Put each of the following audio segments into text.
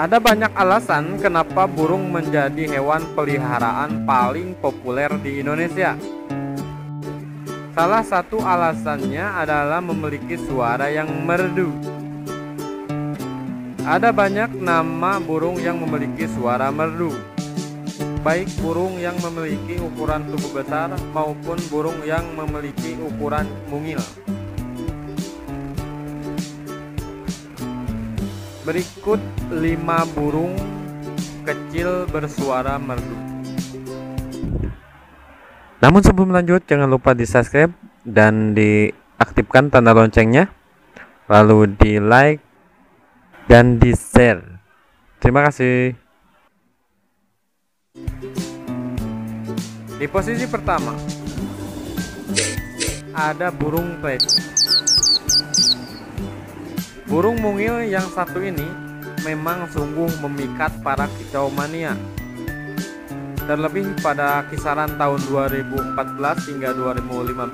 Ada banyak alasan kenapa burung menjadi hewan peliharaan paling populer di Indonesia. Salah satu alasannya adalah memiliki suara yang merdu. Ada banyak nama burung yang memiliki suara merdu. Baik burung yang memiliki ukuran tubuh besar maupun burung yang memiliki ukuran mungil. Berikut lima burung kecil bersuara merdu. Namun sebelum lanjut, jangan lupa di subscribe dan diaktifkan tanda loncengnya, lalu di like dan di share. Terima kasih. Di posisi pertama ada burung trade. Burung mungil yang satu ini memang sungguh memikat para kicau mania terlebih pada kisaran tahun 2014 hingga 2015.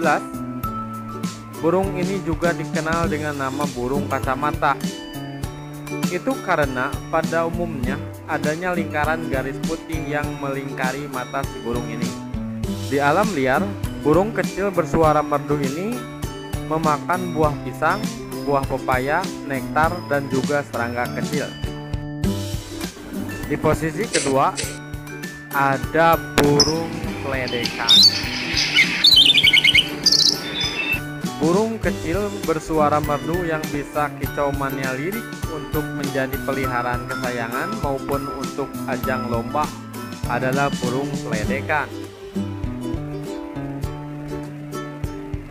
Burung ini juga dikenal dengan nama burung kacamata. Itu karena pada umumnya adanya lingkaran garis putih yang melingkari mata si burung ini. Di alam liar, burung kecil bersuara merdu ini memakan buah pisang, buah pepaya, nektar, dan juga serangga kecil. Di posisi kedua, ada burung keledekan. Burung kecil bersuara merdu yang bisa kicau mania lirik untuk menjadi peliharaan kesayangan maupun untuk ajang lomba adalah burung keledekan.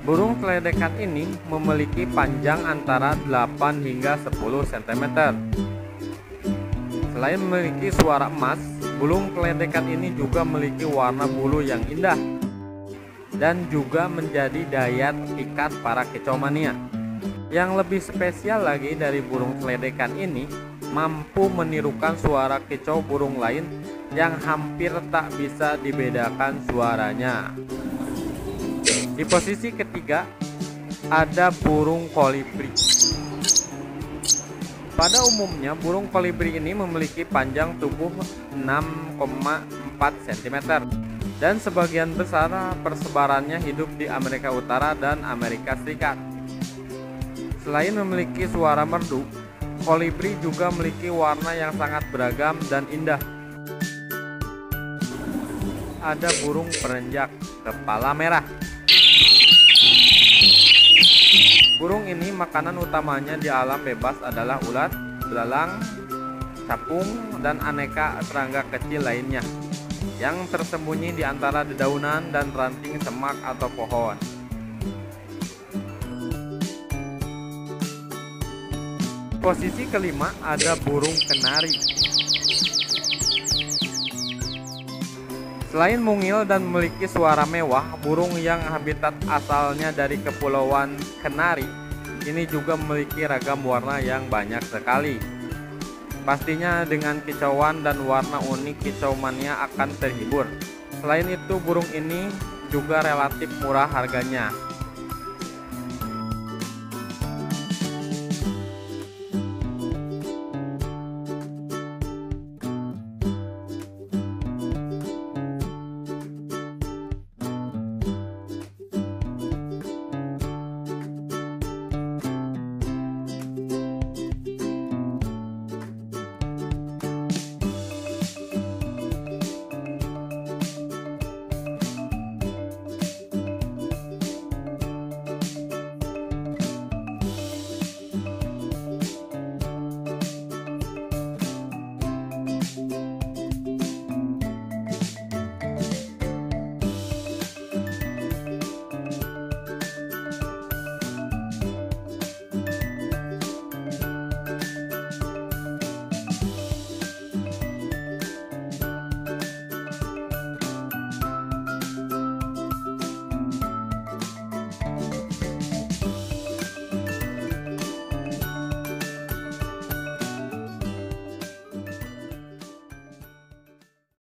Burung keledekan ini memiliki panjang antara 8 hingga 10 cm. Selain memiliki suara emas, Bulung keledekan ini juga memiliki warna bulu yang indah dan juga menjadi daya pikat para kecomania. Yang lebih spesial lagi dari burung seledekan ini mampu menirukan suara kecoa burung lain yang hampir tak bisa dibedakan suaranya. Di posisi ketiga ada burung kolibri. Pada umumnya burung kolibri ini memiliki panjang tubuh 6,4 cm dan sebagian besar persebarannya hidup di Amerika Utara dan Amerika Serikat. Selain memiliki suara merdu, kolibri juga memiliki warna yang sangat beragam dan indah. Ada burung perenjak kepala merah Burung ini makanan utamanya di alam bebas adalah ulat, belalang, capung, dan aneka serangga kecil lainnya yang tersembunyi di antara dedaunan dan ranting semak atau pohon. Posisi kelima ada burung kenari. Selain mungil dan memiliki suara mewah, burung yang habitat asalnya dari Kepulauan Kenari ini juga memiliki ragam warna yang banyak sekali. Pastinya dengan kicauan dan warna unik kicauannya akan terhibur. Selain itu burung ini juga relatif murah harganya